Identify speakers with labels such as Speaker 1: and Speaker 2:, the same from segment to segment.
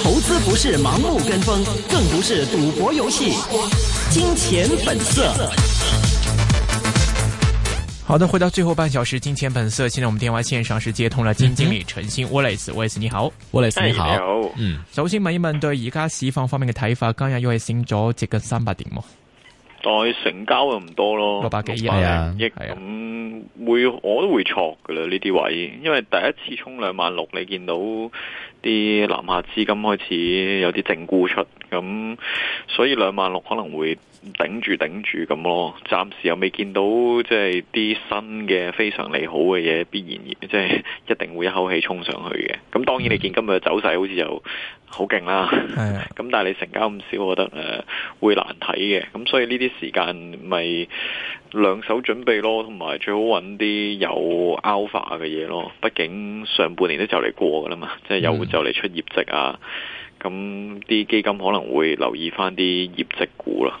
Speaker 1: 投資不是盲目跟風，更不是賭博遊戲。金錢本色。好的，回到最後半小時，金錢本色。現在我們電話線上是接通了金經理陳昕 Wallace，Wallace 你好，Wallace 你好。你好，嗯，首先問一問對而家市況方面嘅睇法，今日又係升咗接近三百點。
Speaker 2: 再成交又唔多咯，六百幾億咁會、啊、我都會錯㗎喇呢啲位，因為第一次衝兩萬六，你見到啲南下資金開始有啲正沽出，咁所以兩萬六可能會。頂住頂住咁咯，暫時又未見到即係啲新嘅非常利好嘅嘢，必然即係一定會一口氣衝上去嘅。咁當然你見今日走勢好似又好勁啦，咁、嗯、 但係你成交咁少，我覺得誒、呃、會難睇嘅。咁、嗯、所以呢啲時間咪兩手準備咯，同埋最好揾啲有 alpha 嘅嘢咯。畢竟上半年都就嚟過噶啦嘛，即係又就嚟出業績啊，咁、嗯、啲、嗯嗯、基金可能會留意翻啲業績股啦。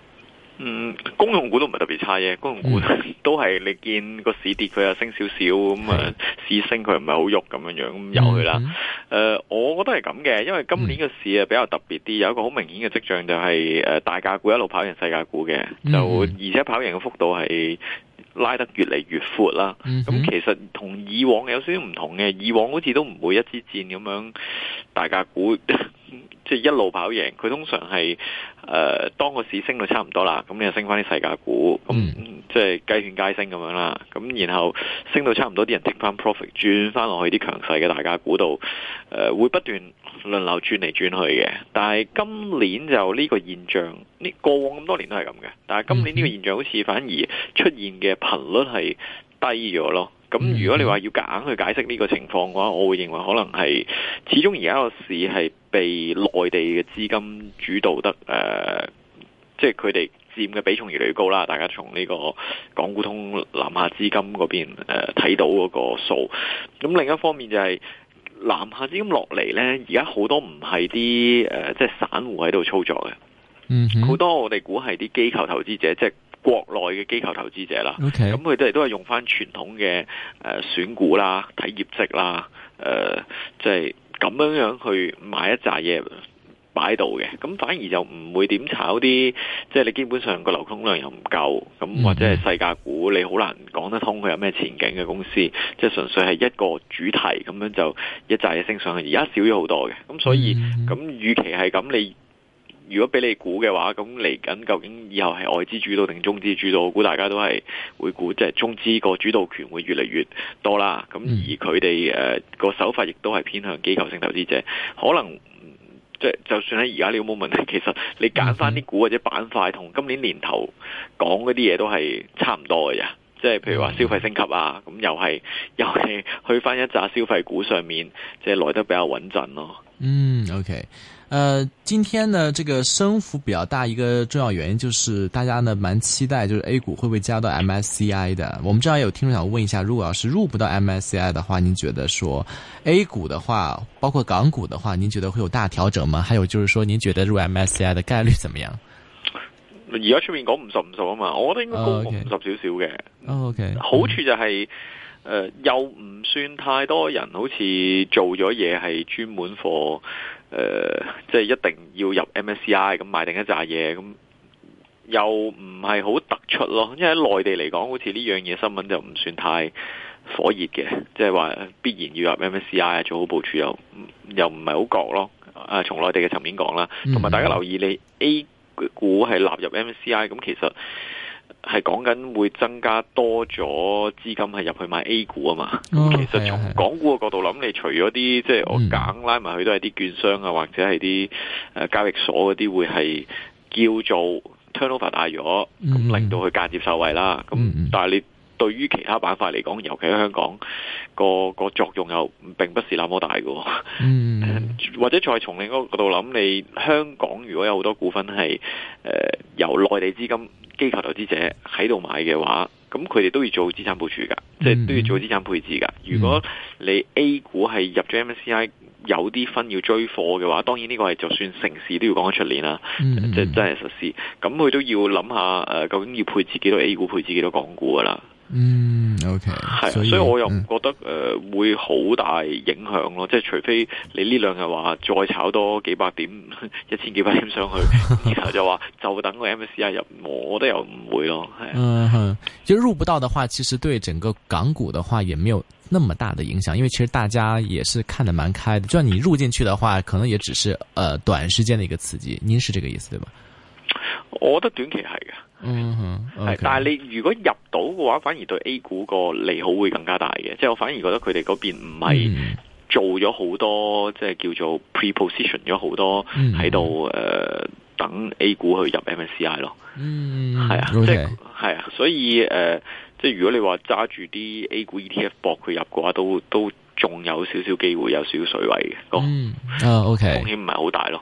Speaker 2: 嗯，公用股都唔係特別差嘅，公用股都係、嗯、你見個市跌佢又升少少咁啊，市升佢又唔係好喐咁樣樣咁入去啦。誒、嗯嗯呃，我我覺得係咁嘅，因為今年嘅市啊比較特別啲，有一個好明顯嘅跡象就係、是、誒、呃、大價股一路跑贏世界股嘅，就，、嗯、就而且跑贏嘅幅度係拉得越嚟越闊啦。咁、嗯嗯、其實同以往有少少唔同嘅，以往好似都唔會一支箭咁樣，大價股。 即係一路跑贏，佢通常係誒、呃，當個市升到差唔多啦，咁你就升翻啲細價股，咁、嗯、即係雞犬皆升咁樣啦。咁然後升到差唔多，啲人 take 翻 profit，轉翻落去啲強勢嘅大價股度，誒、呃，會不斷輪流轉嚟轉去嘅。但係今年就呢個現象，呢過往咁多年都係咁嘅，但係今年呢個現象好似反而出現嘅頻率係低咗咯。咁、嗯、如果你話要夾硬去解釋呢個情況嘅話，我會認為可能係始終而家個市係被內地嘅資金主導得誒、呃，即係佢哋佔嘅比重越嚟越高啦。大家從呢個港股通南下資金嗰邊誒睇、呃、到嗰個數。咁、嗯、另一方面就係、是、南下資金落嚟呢，而家好多唔係啲誒即係散戶喺度操作嘅，好、嗯、哼多我哋估係啲機構投資者即係。國內嘅機構投資者啦，Okay，咁佢哋都係用翻傳統嘅誒、呃、選股啦，睇業績啦，誒即係咁樣樣去買一扎嘢擺度嘅，咁反而就唔會點炒啲即係你基本上個流通量又唔夠，咁或者係細價股，你好難講得通佢有咩前景嘅公司，即係純粹係一個主題咁樣就一扎嘢升上去，而家少咗好多嘅，咁所以咁預期係咁你。如果俾你估嘅話，咁嚟緊究竟以後係外資主導定中資主導？我估大家都係會估，即係中資個主導權會越嚟越多啦。咁而佢哋誒個手法亦都係偏向機構性投資者，可能即係就算喺而家你有冇問題，其實你揀翻啲股或者板塊，同今年年頭講嗰啲嘢都係差唔多嘅啫。即係譬如話消費升級啊，咁又係又係去翻一紮消費股上面，即係來得比較穩陣咯。
Speaker 1: 嗯，OK。呃，今天呢，這個升幅比較大，一個重要原因就是大家呢蠻期待，就是 A 股會不會加到 MSCI 的？我們正好有聽眾想問一下，如果要是入不到 MSCI 的話，您覺得說 A 股的話，包括港股的話，您覺得會有大調整嗎？還有就是說，您覺得入 MSCI 的概率怎麼樣？
Speaker 2: 而家出面講五十五十啊嘛，我覺得應該高過五十少少嘅。
Speaker 1: Oh, okay. Oh, OK，好處
Speaker 2: 就係、是，呃，又唔算太多人，好似做咗嘢係專門貨。誒、呃，即係一定要入 MSCI 咁、嗯、買定一紮嘢，咁、嗯、又唔係好突出咯。因為喺內地嚟講，好似呢樣嘢新聞就唔算太火熱嘅，即係話必然要入 MSCI 做好部署又、嗯、又唔係好覺咯。啊、呃，從內地嘅層面講啦，同埋大家留意你、嗯、A 股係納入 MSCI，咁、嗯、其實。係講緊會增加多咗資金係入去買 A 股啊嘛，咁、哦、
Speaker 1: 其實從
Speaker 2: 港股嘅角度諗，是是是你除咗啲即係我揀拉埋去都係啲券商啊，或者係啲誒交易所嗰啲會係叫做 turnover 大咗，咁、嗯、令到佢間接受惠啦，咁、嗯嗯、但係你。對於其他板塊嚟講，尤其喺香港個個作用又並不是那麼大嘅。嗯， 或者再從另一個角度諗，你香港如果有好多股份係誒、呃、由內地資金機構投資者喺度買嘅話，咁佢哋都要做資產部署噶，即係都要做資產配置噶。如果你 A 股係入咗 MSCI 有啲分要追貨嘅話，當然呢個係就算成事都要講出年啦，嗯嗯即係真係實施。咁佢都要諗下，誒、呃、究竟要配置幾多 A 股，配置幾多港股噶啦。嗯。O K，係，所以我又唔覺得誒、呃、會好大影響咯，即係除非你呢兩日話再炒多幾百點，一千幾百點上去， 然後就話就等個 MSCI 入，我都又唔會咯。啊、嗯，
Speaker 1: 即、嗯、係入不到的話，其實對整個港股的話，也沒有那麼大的影響，因為其實大家也是看得蠻開的。就算你入進去的話，可能也只是誒、呃、短時間的一個刺激。您是這個意思，對吧？
Speaker 2: 我覺得短期係嘅，係、
Speaker 1: uh，huh. Okay. 但
Speaker 2: 係你如果入到嘅話，反而對 A 股個利好會更加大嘅。即係我反而覺得佢哋嗰邊唔係做咗好多，mm. 即係叫做 preposition 咗好多喺度誒等 A 股去入 MSCI 咯。嗯，係啊，即係係啊，所以誒、呃，即係如果你話揸住啲 A 股 ETF 博佢入嘅話，都都仲有少少機會，有少少水位嘅。
Speaker 1: 嗯，OK，風險
Speaker 2: 唔係好大咯。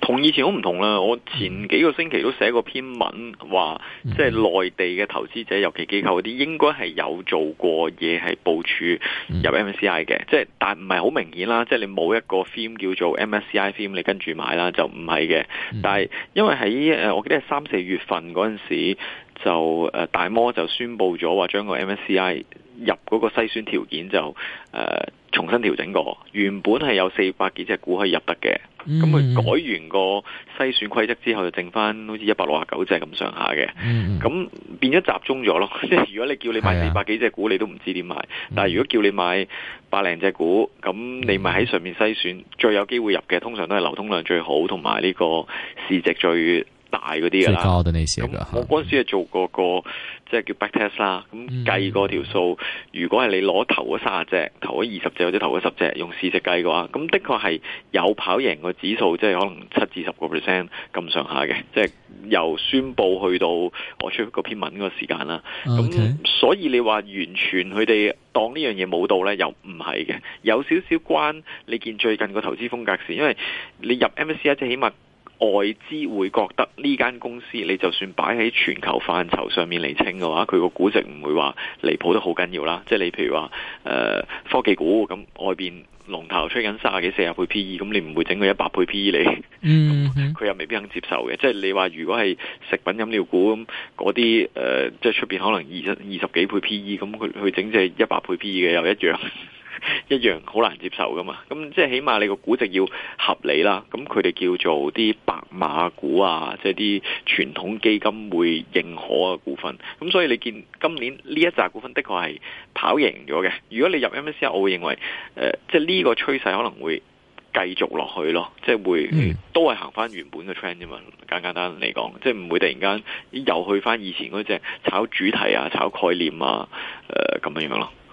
Speaker 2: 同以前好唔同啦，我前幾個星期都寫過篇文，話即係內地嘅投資者，尤其機構嗰啲，應該係有做過嘢係部署入 MSCI 嘅，即係但唔係好明顯啦，即係你冇一個 theme 叫做 MSCI theme，你跟住買啦，就唔係嘅。但係因為喺誒，我記得係三四月份嗰陣時，就誒大摩就宣布咗話將個 MSCI 入嗰個篩選條件就誒、呃、重新調整過，原本係有四百幾隻股可以入得嘅，咁佢、嗯、改完個篩選規則之後，就剩翻好似一百六十九隻咁上下嘅，咁、嗯、變咗集中咗咯。即係如果你叫你買四百幾隻股，你都唔知點買；但係如果叫你買百零隻股，咁你咪喺上面篩選，最有機會入嘅通常都係流通量最好同埋呢個市值最大嗰啲噶啦，嗯、我嗰時係做過個即係叫 backtest 啦，咁計過條數。如果係你攞頭嗰三十隻，頭嗰二十隻或者頭嗰十隻，用市值計嘅話，咁的確係有跑贏個指數，即係可能七至十個 percent 咁上下嘅。即係由宣布去到我出個篇文個時間啦。咁、嗯、所以你話完全佢哋當呢樣嘢冇到呢，又唔係嘅。有少少關你見最近個投資風格時，因為你入 MSCI 即係起碼。外資會覺得呢間公司你就算擺喺全球範疇上面嚟稱嘅話，佢個估值唔會話離譜得好緊要啦。即係你譬如話誒、呃、科技股咁、嗯、外邊龍頭吹緊三十幾、四十倍 P E，咁你唔會整佢一百倍 P E 嚟。
Speaker 1: 佢、
Speaker 2: hmm. 又未必肯接受嘅。即係你話如果係食品飲料股咁嗰啲誒，即係出邊可能二十二十幾倍 P E，咁佢去整隻一百倍 P E 嘅又一樣。一樣好難接受噶嘛，咁、嗯、即係起碼你個估值要合理啦。咁佢哋叫做啲白馬股啊，即係啲傳統基金會認可嘅股份。咁、嗯、所以你見今年呢一扎股份的確係跑贏咗嘅。如果你入 MSCI，我會認為誒、呃，即係呢個趨勢可能會繼續落去咯，即係會、嗯、都係行翻原本嘅 trend 啫嘛，簡簡單單嚟講，即係唔會突然間又去翻以前嗰隻炒主題啊、炒概念啊，誒、呃、咁樣樣咯。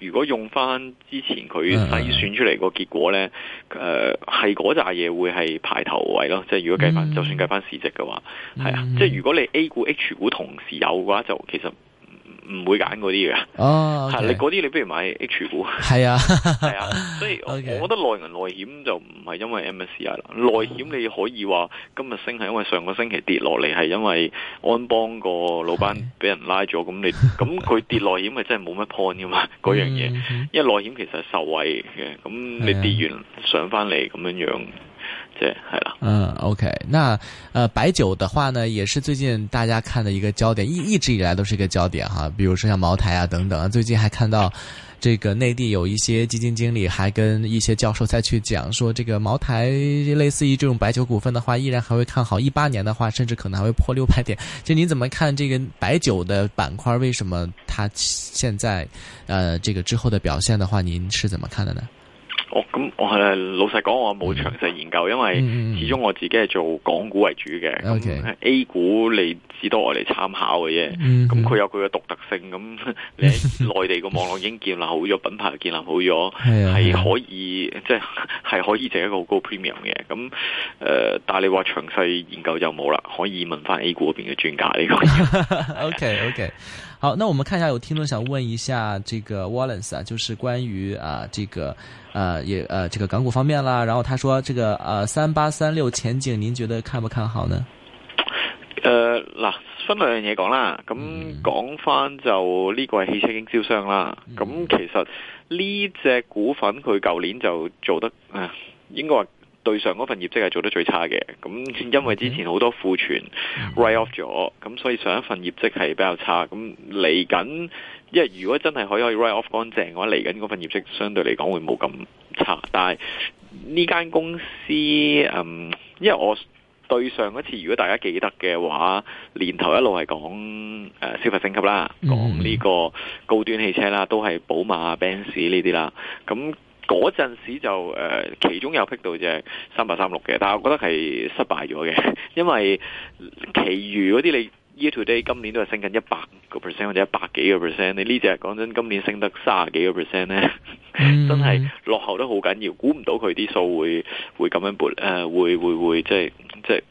Speaker 2: 如果用翻之前佢計算出嚟個結果呢，誒係嗰扎嘢會係排頭位咯。即係如果計翻， 就算計翻市值嘅話，
Speaker 1: 係啊。 即係如
Speaker 2: 果你 A 股、H 股同時有嘅話，就其實。唔會揀嗰啲嘅，
Speaker 1: 係你嗰
Speaker 2: 啲，你不如買 H 股 是、啊，係啊係啊，所以 Okay. 我覺得內銀內險就唔係因為 MSCI 啦，內險你可以話今日升係因為上個星期跌落嚟，係因為安邦個老闆俾人拉咗，咁 你咁佢跌內險咪真係冇乜 point 噶嘛，嗰樣嘢，mm hmm. 因為內險其實係受惠嘅，咁你跌完 上翻嚟咁樣樣。
Speaker 1: 對，係啦，嗯。嗯，OK，那，呃，白酒的話呢，也是最近大家看的一個焦點，一一直以來都是一個焦點哈。比如說像茅台啊等等啊，最近還看到，這個內地有一些基金經理還跟一些教授在去講說，這個茅台類似於這種白酒股份的話，依然還會看好，一八年的話，甚至可能還會破六百點。就您怎麼看這個白酒的板塊？為什麼它現在，呃，這個之後的表現的話，您是怎麼看的呢？
Speaker 2: 哦，咁我係老實講，我冇詳細研究，因為始終我自己係做港股為主嘅。Okay. 咁 A 股你只多我嚟參考嘅啫。咁佢、mm hmm. 有佢嘅獨特性。咁你喺內地個網絡已經建立好咗， 品牌建立好咗，係 可以即係係可以值一個好高的 premium 嘅。咁誒、呃，但係你話詳細研究就冇啦，可以問翻 A 股嗰邊嘅專家呢個
Speaker 1: OK OK。好，那我們看一下有聽眾想問一下，這個 Wallace 啊，就是關於啊、呃，這個，啊、呃，也，呃，這個港股方面啦，然後他說，這個，啊、呃，三八三六前景，您覺得看不看好呢？呃，
Speaker 2: 嗱，分兩樣嘢講啦，咁講翻就呢、這個係汽車經銷商啦，咁其實呢隻、這個、股份佢舊年就做得，呃、應該話。對上嗰份業績係做得最差嘅，咁因為之前好多庫存 write off 咗，咁所以上一份業績係比較差。咁嚟緊，因為如果真係可以 write off 乾淨嘅話，嚟緊嗰份業績相對嚟講會冇咁差。但係呢間公司，嗯，因為我對上一次，如果大家記得嘅話，年頭一路係講誒消費升級啦，講呢個高端汽車啦，都係寶馬、Benz 呢啲啦，咁。嗰陣時就誒、呃，其中有劈到隻三百三六嘅，但係我覺得係失敗咗嘅，因為其餘嗰啲你 year to day 今年都係升緊一百個 percent 或者一百幾個 percent，你呢隻講真今年升得卅幾個 percent 咧，呢 嗯、
Speaker 1: 真係
Speaker 2: 落後得好緊要，估唔到佢啲數會會咁樣撥誒，會、呃、會會，會即係即係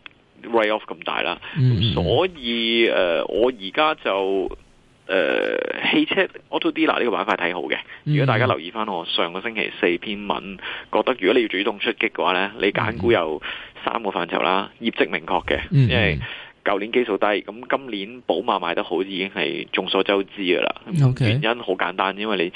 Speaker 2: way off 咁大啦，嗯、所以誒、呃，我而家就。誒，uh, 汽車 auto dealer 呢個板塊睇好嘅。如果大家留意翻我上個星期四篇文，覺得如果你要主動出擊嘅話呢，你揀股有三個範疇啦，mm hmm. 業績明確嘅，因為舊年基數低，咁今年寶馬賣得好已經係眾所周知噶啦。Okay. 原因好簡單，因為你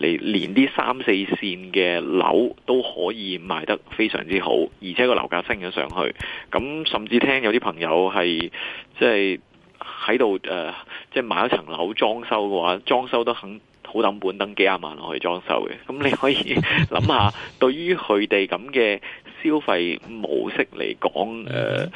Speaker 2: 你連啲三四綫嘅樓都可以賣得非常之好，而且個樓價升咗上去，咁甚至聽有啲朋友係即係。就是喺度誒，即係買一層樓裝修嘅話，裝修都肯好抌本，抌幾廿萬落去裝修嘅。咁你可以諗下， 對於佢哋咁嘅消費模式嚟講，誒，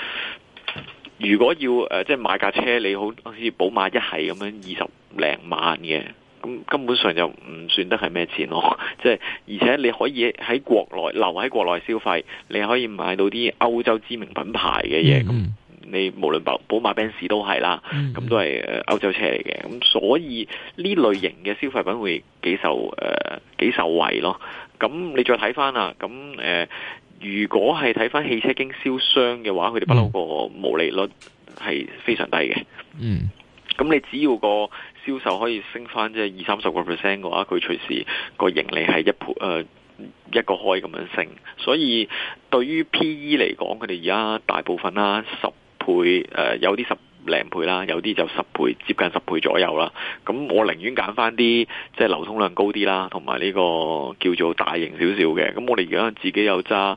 Speaker 2: 如果要誒、呃，即係買架車，你好好似寶馬一係咁樣二十零萬嘅，咁根本上就唔算得係咩錢咯。即 係而且你可以喺國內留喺國內消費，你可以買到啲歐洲知名品牌嘅嘢，咁。嗯嗯你無論寶馬、賓士都係啦，咁、嗯、都係歐洲車嚟嘅，咁所以呢類型嘅消費品會幾受誒、呃、幾受惠咯。咁你再睇翻啦，咁誒、呃、如果係睇翻汽車經銷商嘅話，佢哋不嬲個毛利率係非常低嘅。嗯，咁你只要個銷售可以升翻即係二三十個 percent 嘅話，佢隨時個盈利係一倍、呃、一個開咁樣升。所以對於 PE 嚟講，佢哋而家大部分啦十倍誒、呃、有啲十零倍啦，有啲就十倍，接近十倍左右啦。咁我寧願揀翻啲即係流通量高啲啦，同埋呢個叫做大型少少嘅。咁我哋而家自己有揸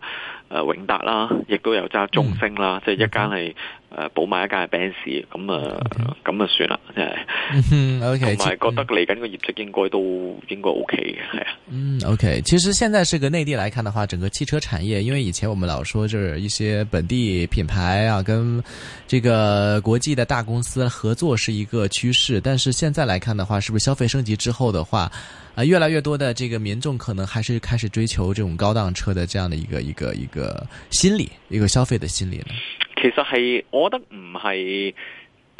Speaker 2: 誒永達啦，亦都有揸中升啦，嗯、即係一間係。誒補、啊、買一架嘅奔馳，咁啊 Okay.、嗯，咁啊算啦，
Speaker 1: 真係。同埋
Speaker 2: 覺得嚟緊個業績應該都應該 OK 嘅，係
Speaker 1: 啊。嗯，OK，其實現在是個內地來看的話，整個汽車產業，因為以前我們老說就是一些本地品牌啊，跟這個國際的大公司合作是一個趨勢，但是現在來看的話，是不是消費升級之後的話，啊，越來越多的這個民眾可能還是開始追求這種高檔車的這樣的一個一個一個心理，一個消費的心理呢？
Speaker 2: 其實係，我覺得唔係，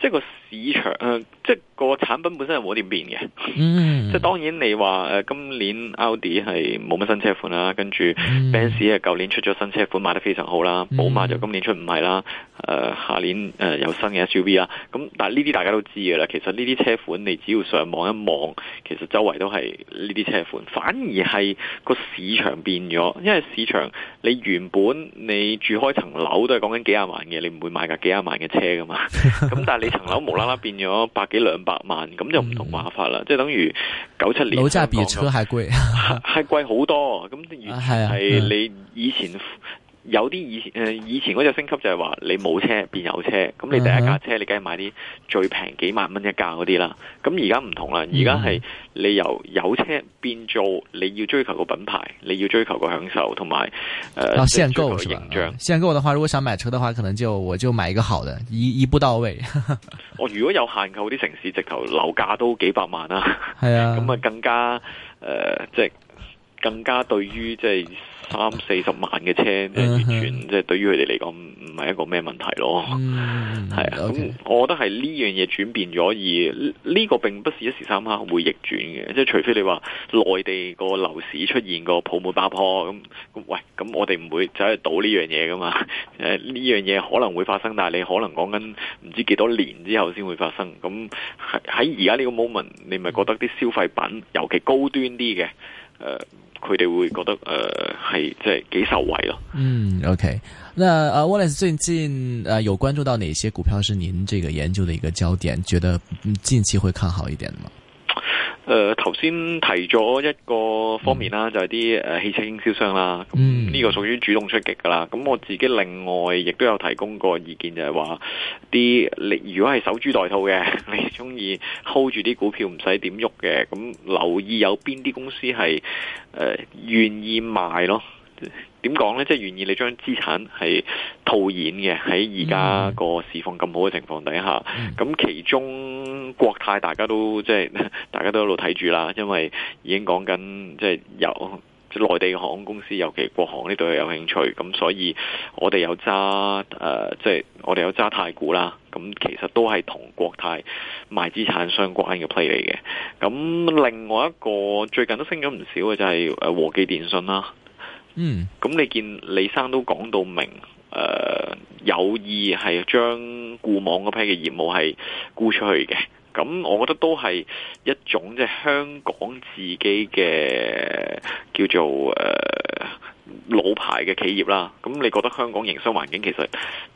Speaker 2: 即係個。市場誒、呃，即係個產品本身係冇點變嘅，mm. 即係當然你話誒、呃、今年 u 奧迪係冇乜新車款啦，跟住奔馳係舊年出咗新車款賣得非常好啦，寶、mm. 馬就今年出唔係啦，誒、呃、下年誒、呃、有新嘅 SUV 啦，咁、嗯、但係呢啲大家都知噶啦，其實呢啲車款你只要上網一,一望，其實周圍都係呢啲車款，反而係個市場變咗，因為市場你原本你住開層樓都係講緊幾廿萬嘅，你唔會買架幾廿萬嘅車噶嘛，咁 但係你層樓無論喇喇變咗百幾兩百萬，咁就唔同話法啦。嗯、即係等於九七年老揸 B 股，係貴，係 貴好多。咁
Speaker 1: 係啊，
Speaker 2: 你以前。有啲以前誒、呃，以前嗰隻升級就係話你冇車變有車，咁你第一架車你梗係買啲最平幾萬蚊一架嗰啲啦。咁而家唔同啦，而家係你由有車變做你要追求個品牌，你要追求個享受，同埋誒，呃啊、限購、形象。形象高
Speaker 1: 嘅限購嘅話，如果想買車嘅話，可能就我就買一個好嘅，一一步到位。
Speaker 2: 我、 哦、如果有限購啲城市，直頭樓價都幾百萬啦。
Speaker 1: 係啊，咁啊
Speaker 2: 更加誒，即、呃、係、就是、更加對於即係。就是三四十萬嘅車，完全即係對於佢哋嚟講唔係一個咩問題咯。係啊，咁我覺得係呢樣嘢轉變咗，而呢個並不是一時三刻會逆轉嘅。即係除非你話內地個樓市出現個泡沫爆破咁、嗯，喂，咁、嗯嗯嗯嗯、我哋唔會走去賭呢樣嘢噶嘛。誒、嗯，呢樣嘢可能會發生，但係你可能講緊唔知幾多年之後先會發生。咁喺而家呢個 moment，你咪覺得啲消費品，尤其高端啲嘅，誒、呃。佢哋會覺得誒係、呃，即係幾受惠咯。
Speaker 1: 嗯，OK 那。那阿 Wallace 最近呃有關注到哪些股票是您這個研究的一個焦點？覺得、嗯、近期會看好一點的嗎？
Speaker 2: 誒頭先提咗一個方面啦，就係啲誒汽車經銷商啦。咁、這、呢個屬於主動出擊噶啦。咁我自己另外亦都有提供個意見就，就係話啲你如果係守株待兔嘅， 你中意 hold 住啲股票唔使點喐嘅，咁留意有邊啲公司係誒願意賣咯。點講呢？即係願意你將資產係套現嘅，喺而家個市況咁好嘅情況底下，咁其中國泰大家都即係大家都一路睇住啦，因為已經講緊即係有即係內地嘅航空公司，尤其國航呢度係有興趣，咁所以我哋有揸誒、呃，即係我哋有揸太古啦，咁其實都係同國泰賣資產相關嘅 play 嚟嘅。咁另外一個最近都升咗唔少嘅就係、是、和記電訊啦。嗯，咁你見李生都講到明，誒、呃、有意係將固網嗰批嘅業務係沽出去嘅，咁我覺得都係一種即係香港自己嘅叫做誒。呃老牌嘅企業啦，咁你覺得香港營商環境其實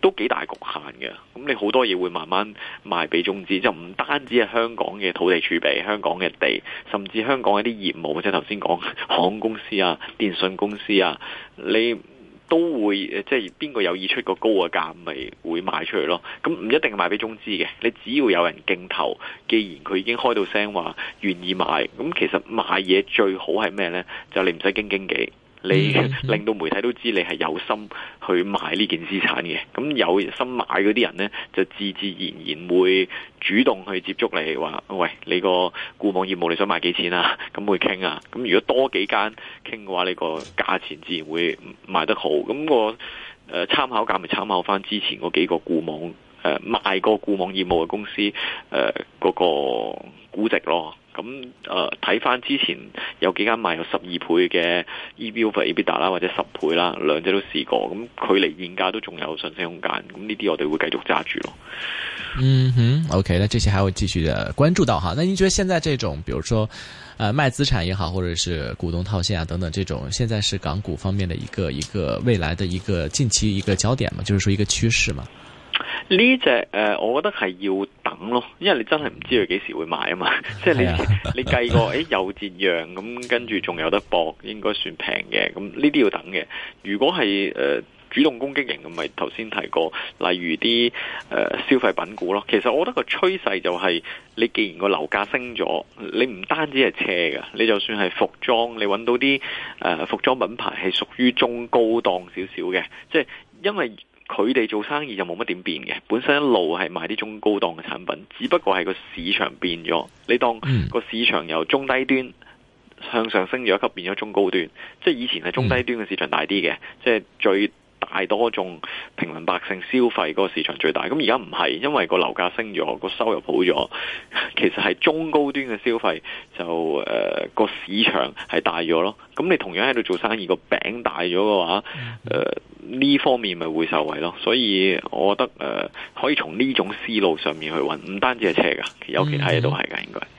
Speaker 2: 都幾大局限嘅。咁你好多嘢會慢慢賣俾中資，就唔單止係香港嘅土地儲備、香港嘅地，甚至香港一啲業務，即係頭先講航空公司啊、電信公司啊，你都會即係邊個有意出個高嘅價，咪會賣出去咯。咁唔一定賣俾中資嘅，你只要有人競投，既然佢已經開到聲話願意買，咁其實賣嘢最好係咩呢？就你唔使經經紀。你令到媒體都知你係有心去買呢件資產嘅，咁有心買嗰啲人呢，就自自然然會主動去接觸你，話喂，你個固網業務你想賣幾錢啊？咁會傾啊。咁如果多幾間傾嘅話，你個價錢自然會賣得好。咁我誒，參考價咪參考翻之前嗰幾個固網。誒、呃，賣個固網業務嘅公司，誒、呃，嗰個估值咯，咁、呃、誒，睇翻之前有幾間賣有十二倍嘅 EB over EBITDA 啦，或者十倍啦，兩者都試過，咁、嗯、距離現價都仲有上升空間，咁呢啲我哋會繼續揸住咯。
Speaker 1: 嗯哼，OK，那這些還會繼續關注到哈？那您覺得現在這種，比如說，誒、呃、賣資產也好，或者是股東套現啊等等，這種現在是港股方面的一個一個未來的一個近期一個焦點嘛？就是說一個趨勢嘛？
Speaker 2: 呢隻誒，我覺得係要等咯，因為你真係唔知佢幾時會買啊嘛。即係你 你計過，誒有折讓咁，跟住仲有得搏，應該算平嘅。咁呢啲要等嘅。如果係誒、呃、主動攻擊型咁，咪頭先提過，例如啲誒、呃、消費品股咯。其實我覺得個趨勢就係、是，你既然個樓價升咗，你唔單止係車嘅，你就算係服裝，你揾到啲誒、呃、服裝品牌係屬於中高檔少少嘅，即係因為。佢哋做生意就冇乜點變嘅，本身一路係賣啲中高檔嘅產品，只不過係個市場變咗。你當個市場由中低端向上升咗一級，變咗中高端，即係以前係中低端嘅市場大啲嘅，即係最。太多種平民百姓消費個市場最大，咁而家唔係，因為個樓價升咗，個收入好咗，其實係中高端嘅消費就誒個、呃、市場係大咗咯。咁你同樣喺度做生意，個餅大咗嘅話誒呢、呃、方面咪會受惠咯。所以我覺得誒、呃、可以從呢種思路上面去揾，唔單止係車㗎，有其他嘢都係㗎，應該。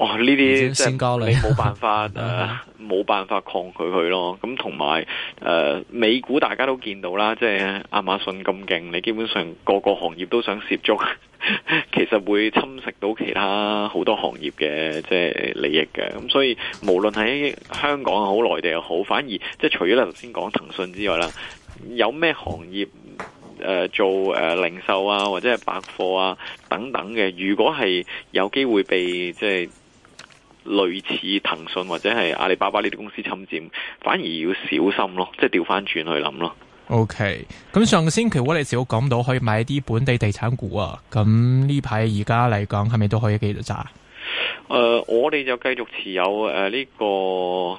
Speaker 2: 哦，呢啲即係你冇辦法誒，冇教、 啊、辦法抗拒佢咯。咁同埋誒，美股大家都見到啦，即係亞馬遜咁勁，你基本上個個行業都想涉足， 其實會侵蝕到其他好多行業嘅即係利益嘅。咁所以無論喺香港好，內地又好，反而即係除咗頭先講騰訊之外啦，有咩行業誒、呃、做誒零售啊，或者係百貨啊等等嘅，如果係有機會被即係。類似騰訊或者係阿里巴巴呢啲公司侵佔，反而要小心咯，即係調翻轉去諗咯。
Speaker 1: OK，咁上個星期我哋少講到可以買啲本地地產股啊，咁呢排而家嚟講係咪都可以繼續揸？
Speaker 2: 誒、呃，我哋就繼續持有誒呢、呃這個誒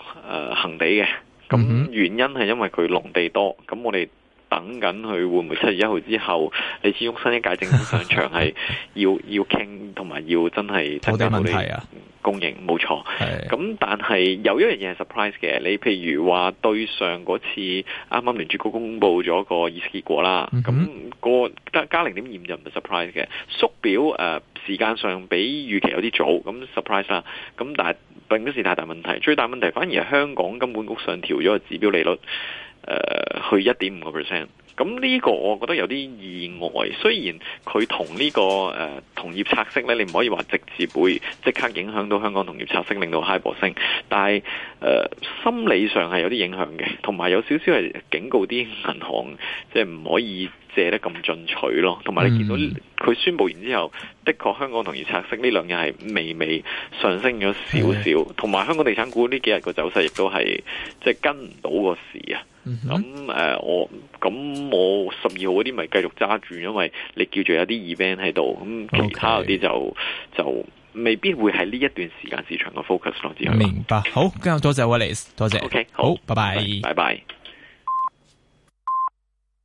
Speaker 2: 恒、呃、地嘅，咁原因係因為佢農地多，咁我哋。等緊佢會唔會七月一號之後，你始終新一屆政府上場係要要傾，同埋要真係增加好啲供應，冇、啊、錯。咁的但係有一樣嘢係 surprise 嘅，你譬如話對上嗰次啱啱聯儲局公布咗個議息結果啦，咁、嗯、哼個加加零點二就唔係 surprise 嘅。縮表誒、呃、時間上比預期有啲早，咁 surprise 啦。咁但係並不是太大，大問題，最大問題反而係香港金管局上調咗個指標利率。誒，uh, 去一點五個 percent，咁呢個我覺得有啲意外。雖然佢同呢個誒、uh, 同業拆息咧，你唔可以話直接會即刻影響到香港同業拆息令到 HIBOR 升，但係誒、uh, 心理上係有啲影響嘅，同埋有，有少少係警告啲銀行，即係唔可以借得咁進取咯。同埋你見到佢宣布完之後，的確香港同業拆息呢兩日係微微上升咗少少，同埋、mm hmm. 香港地產股呢幾日、就是、個走勢亦都係即係跟唔到個市啊。咁誒、嗯呃，我咁我十二號嗰啲咪繼續揸住，因為你叫做有啲 event 喺度，咁其他嗰啲就就未必會喺呢一段時間市場嘅 focus 落去。明
Speaker 1: 白，好，今日多謝 Wallace 多謝，OK，好，拜拜，拜拜。